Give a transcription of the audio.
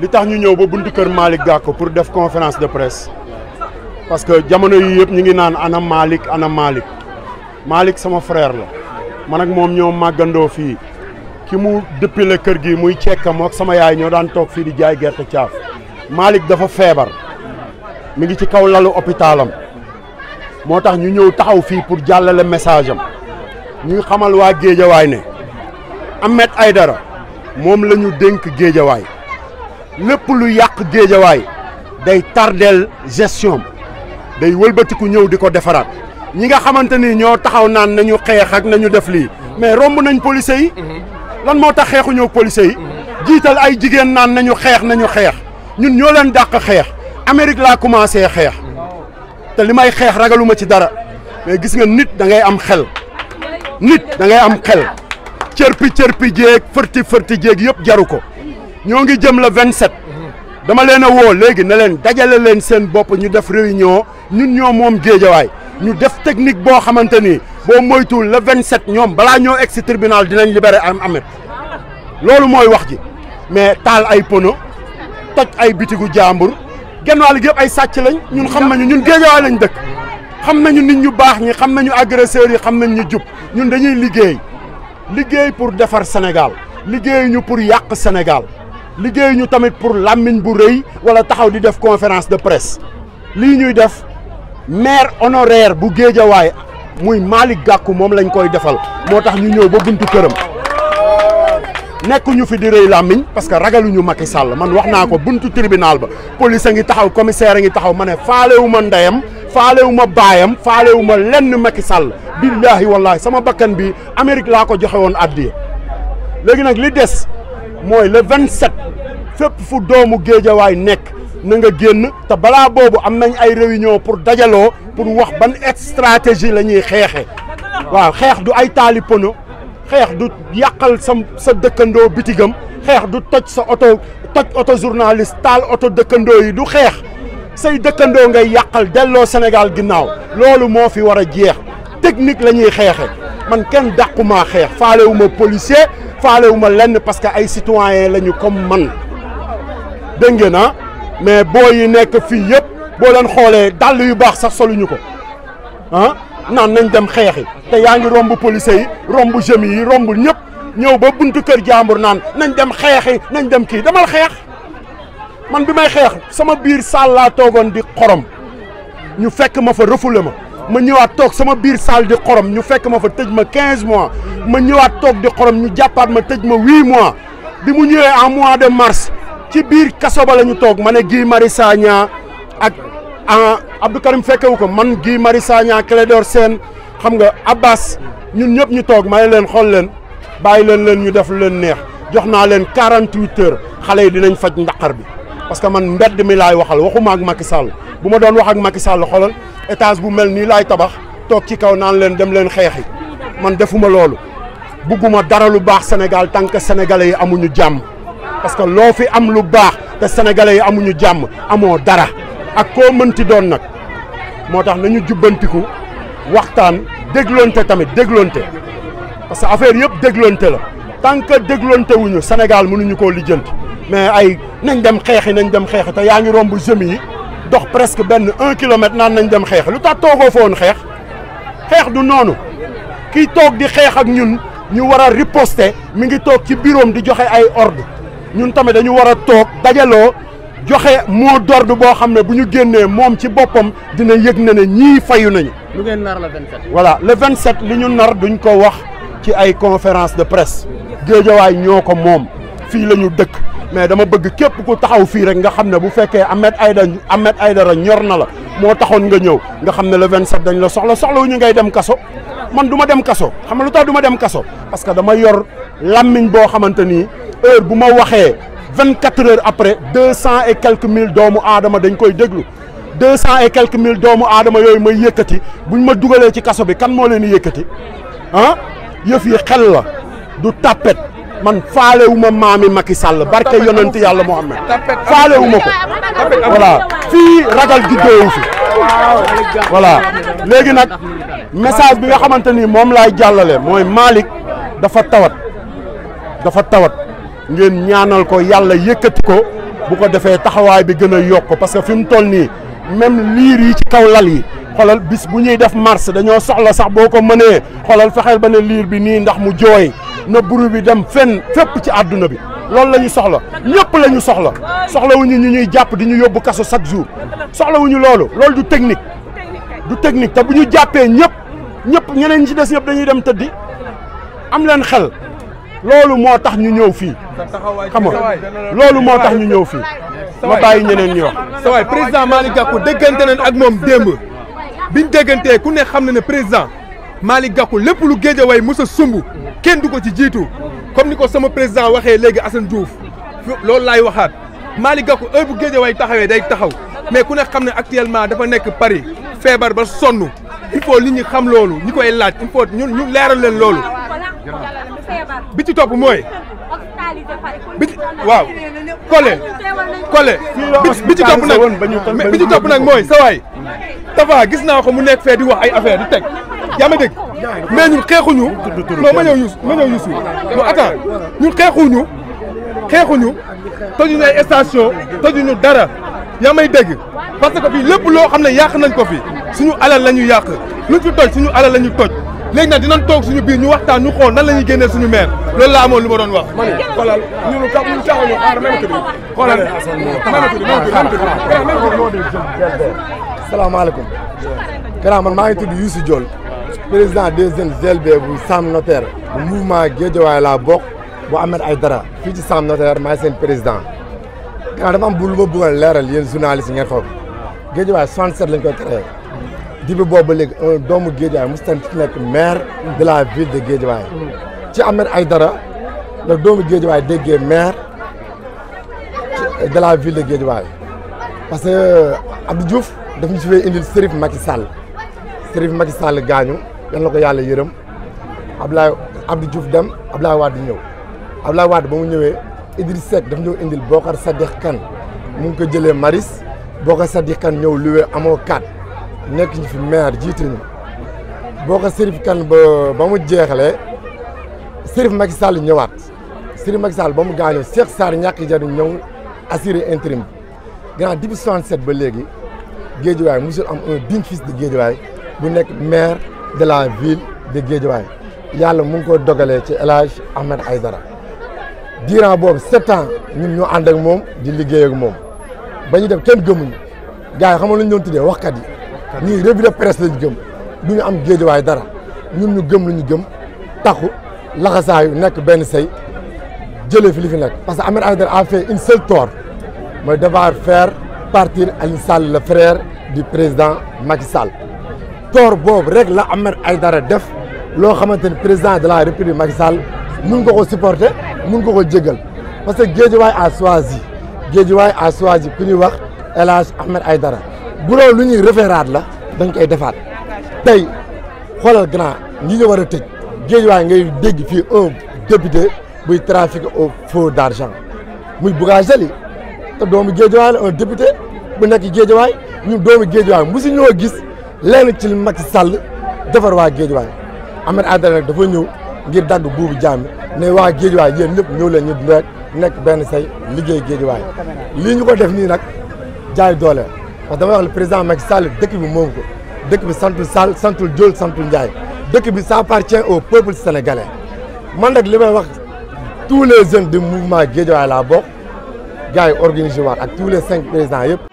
li tax ñu ñëw ba buntu kër Malick Gako pour def conférence de presse parce que jamono yi yëp ñi ngi naan ana Malik ana Malick Malick sama frère la man ak mom ñoo magando fi ki mu depuis le kër gi muy cekkam ak sama yaay ñoo daan tok fi di jaay gerte tiaf Malick dafa fièvre mi ngi ci kaw lalu hôpitalam motax ñu ñëw taxaw fi pour jallale message am ñu xamal waa Géejawaay ne Ahmed Aidara mom lañu denk dénk Géejawaay lepp lu yàq way day tardel gestion day wëlbatiku ñëw diko défarat ñi nga xamanteni ño taxaw naan nañu xeex ak nañu def li mais rombu nañ police yi mhm. lan mo tax xeexu ñëw police yi mhm. jital ay jigen naan nañu xeex nañu xeex ñun ño leen dakk xeex amerique la commencé xeex té limay may ragaluma ci dara mais gis nga nit da ngay am xel nit da ngay am xel cërpi cërpi jeek fërti fërti jeek yep jaruko ñoo ngi jëm la 27. dama leen a woo léegi na leen dajale leen seen bopp ñu def réunion ñun ñoo moom géejawaay ñu def technique boo xamante ni boo moytuwul le 27 ñoom balaa ñoo egg si tribunal dinañ am amet loolu mooy wax ji mais taal ay pono toj ay bitigu jàmbur genn wàll gi yëpp ay sàcc lañ ñun xam nañu ñun géejawaay lañ dëkk xam nañu nit ñu baax ñi xam nañu agresseurs yi xam nañ ñu jub ñun dañuy liggéey liggéey pour defar Sénégal liggéey pour yàq Sénégal liggéey ñu tamit pour lamine bu reuy wala taxaw di def conférence de presse li ñuy def maire honoraire bu way muy malik Gakou mom lañ koy defal motax ñu ñëw ba buntu këram nekkuñu fi di reuy lamine parce que ñu Macky Sall man waxna ko buntu tribunal ba police nga ngi taxaw commissaire nga ngi taxaw mané ne faalewu ma ndeyam faalewu ma baayam lenn Macky Sall billahi wallahi sama bakkan bi amerique la ko joxewon addi addiya nak li des le 27 fepp fu doomu way réunion na nga genn te stratégie. ay réunion pour dajalo pour wax ban stratégie lañuy waaw du ay taali pono du yakal sa bitigam pour du toj sa auto toj journaliste tal auto yi du say ngay yakal dello Sénégal jeex technique man policier faalewuma lenn parce que ay citoyen lañu comme man dégg ngeen ah mais boo yi nekk fii yëpp boo leen xoolee dàll yu baax sax soluñu ko ah naan nañ dem xeexi te yaa ngi romb police yi romb jeunes yi romb ñëpp ñëw ba buntu kër jàmbur naan nañ dem xeexi nañ dem kii demal xeex man bi may xeex sama biir saal toogoon di xorom ñu fekk ma fa ma ma ñëwaat toog sama biir salle di xorom ñu fekk ma fa tëj ma 15 mois ma ñëwaat toog di xorom ñu jàppaat ma tëj ma 8 mois bi mu ñëwee en mois de mars ci biir kaso ba la ñu toog ma ne Guy Marius Sagna ak Abdou Karim fekkewu ko man Guy Marius Sagna Clédor Sène xam nga Abbas ñun ñëpp ñu toog ma ne leen xool leen bàyyi leen leen ñu def leen neex jox naa leen 48 heures xale yi dinañ faj ndaqar bi parce que man mbedd mi laay waxal waxuma ak Macky Sall bu ma doon wax ak Macky Sall xoolal étage bu mel nii laay tabax toog ci kaw naan leen dem leen xeexi man defuma loolu bugguma dara lu baax Sénégal tant que sénégalais yi amuñu jàmm parce que loo fi am lu baax te sénégalais yi amuñu jàmm amoo dara ak koo mënti doon nag moo tax nañu jubbantiku waxtaan dégloonte tamit dégloonte parce que affaire yëpp dégloonte la tant que dégloonte wuñu Sénégal mënuñu koo lijjanti. mais ay nañ dem xeexi nañ yaangi rombu te dox presque ben un kilomètre nan nañ dem lu tax fait faire du nonu ki tok di xex ak ñun ñu wara a riposter mi ngi tok ci biroom di joxe ay ordre ñun tamé dañu wara tok qui joxe mo d'ordre bo xamné buñu génné mom ci dina yegg na fayu nañu. lu le 27. voilà le 27 li ñu nar duñ ko wax ci ay conférence de presse Nous ñoo nous moom de mais dama bëgg képp ku taxaw fii rek nga xam ne bu fekkee Ahmed Aïda Ahmed Aïdara ñor na la moo taxoon nga ñëw nga xam ne le 27 dañ la soxla ñu ngay dem kaso man du ma dem kaso xam nga lu tax du ma dem kaso parce que dama yor làmmiñ boo xamante ni heure bu ma waxee 24 heures après 200 et quelques mille doomu aadama dañ koy déglu 200 et quelques mille doomu aadama yooyu may yëkkati buñ ma dugalee ci kaso bi kan moo leen di yëkkati ah yëf yi xel la du tàppet man faalewuma maami Macky Sall barke yonent yàlla Muhammad faalewuma ko voilà fii ragal juddoowu fi voilà léegi nag message bi nga xamante ni moom laay jàllale mooy Malick dafa tawat dafa tawat ngeen ñaanal ko yàlla yëkkati ko bu ko defee taxawaay bi gën a yokk parce que fi mu toll nii même liir yi ci kaw lal yi xoolal bis bu ñuy def mars dañoo soxla sax boo ko mënee xoolal fexeel ba ne liir bi nii ndax mu jooy na buru bi dem fenn fépp ci àdduna bi loolu la ñu soxla ñëpp la ñu soxla soxlawuñu ñu ñuy jàpp di ñu yóbbu kaso chaque jour soxlawuñu loolu loolu du technique du technique te bu ñu jàppee ñëpp ñëpp ñeneen ñi ci des ñëpp dañuy dem tëddi am leen xel loolu moo tax ñu ñëw fii xam nga loolu moo tax ñu ñëw fii ma bàyyi ñeneen ñi wax sa waay président Malick Gakou déggante ak moom démb biñ déggantee ku ne xam na ne président Malick Gakou lépp lu Guédiawaye mës a sumb kenn du ko ci jiitu comme ni ko sama président waxee léegi Assane Diouf loolu laay waxaat Malick Gakou heure bu Guédiawaye taxawee day taxaw mais ku ne xam ne actuellement dafa nekk Paris feebar ba sonn il faut nit ñi xam loolu ñi koy laaj il faut ñu leeral leen loolu bi ci topp mooy. bi ci waaw. Collé Collé. bi ci topp nag bi ci topp nag mooy sa waay. Tafa gis naa ko mu nekk fee di wax ay affaire di teg yaa ma dégg mais ñun xeexuñu. non ma ñëw ñu ma ñëw ñu suuf non attends ñun xeexuñu xeexuñu tojuñu ay station tojuñu dara yaa may dégg parce que fii lépp loo xam ne yàq nañ ko fi suñu alal la ñu yàq luñ fi toj suñu alal la ñu toj. léegi nag dinañ toog suñu biir ñu waxtaan ñu xool nan la ñuy génnee suñu maire loolu la amoon lu ma doon wax. ma ne xoolal ñun ñu taxaw ñu xaar même kër gi. xoolal même kër gi même kër gi. salaamaaleykum. gannaaw man maa ngi tudd Youssou Diol président des jeunes GLB bu Sam Notaire bu mouvement Guédiawaye laa bokk bu Ahmed Aïdara fii ci Sam Notaire maay seen président. gannaaw dafa am bu lu ma bëggoon leeral yéen journalistes yi ngeen xool Guédiawaye 67 lañ koy créé. dibi boobu léegi un doomu Guédiawaye mosut a nekk maire de la ville de Guédiawaye. ci Ahmed Aïdara la doomu Guédiawaye déggee maire de la ville de Guédiawaye parce que euh, Abdou Diouf daf ñu si fee indil Serif Macky Sall Serif Macky Sall gaañu yal ko yàlla yërëm Abdoulaye Abdou Diouf dem Abdoulaye Wade ñëw Abdoulaye Wade ba mu ñëwee Idriss Seck daf ñëw indil Bokar Sadikh Kane mu ngi ko jëlee Maris Bokar Sadikh Kane ñëw luwe amoo 4. nekk ñu fi maire jiite ñu boo ko Serif kan ba ba mu jeexalee Serif Macky Sall ñëwaat Serif Macky Sall ba mu gaañoo Cheikh Sarr ñàkk jariñ ñëw assuré intérim bi gannaaw depuis 67 ba léegi géej Guédiawaye musul am un digne fils waay Guédiawaye bu nekk maire de la ville de Guédiawaye yàlla mu ngi ko dogalee ci El Hadj Ahmed Aïdara durant boobu sept ans ñun ñoo ànd ak moom di liggéey ak moom ba ñu def kenn gëmuñu gars yi xam nga lu ñu doon tuddee waxkat yi. ñii revue de presse lañ gëm du ñu am géejawaay dara ñun ñu gëm lu ñu gëm taxu laxasaayu nekk benn say jëlee fi li fi nekk. parce que Ahmed Aïdara a fait une seule tort mooy devoir faire partir Aliou Sall le frère du président Macky Sall tort boobu rek la Ahmed Aïdara def loo xamante ni président de la république Macky Sall mun nga ko supporter mun nga ko jégal parce que géejawaay a choisi géejawaay a choisi ku ñuy wax El Hadj Ahmed Aïdara. bu lu ñuy referaat la dañ koy defaat tey xoolal grand ñi ñu war a tëj géej waaye ngay dégg fii un buy trafiqué au faux d' argent muy Bouga Jali te doomu géejawaay la un député bu nekk géejawaay ñun doomu géejawaay mosu ñoo gis lenn ci Macky Sall defar waa géejawaay Ahmed Aïdara nag dafa ñëw ngir dagg buubu jaam ne waa géejawaay yéen ñëpp ñëw leen ñu nekk benn sey liggéey géejawaay lii ñu ko def nii nag jaay doole on le président Macky Sall dès bi moom dès qu'il centre santul Sall santul Diol santul Ndiaye dès ça appartient au peuple sénégalais man nak limay wax tous les jeunes du mouvement Guédiawaye laa bokk gars organisé avec tous les cinq présidents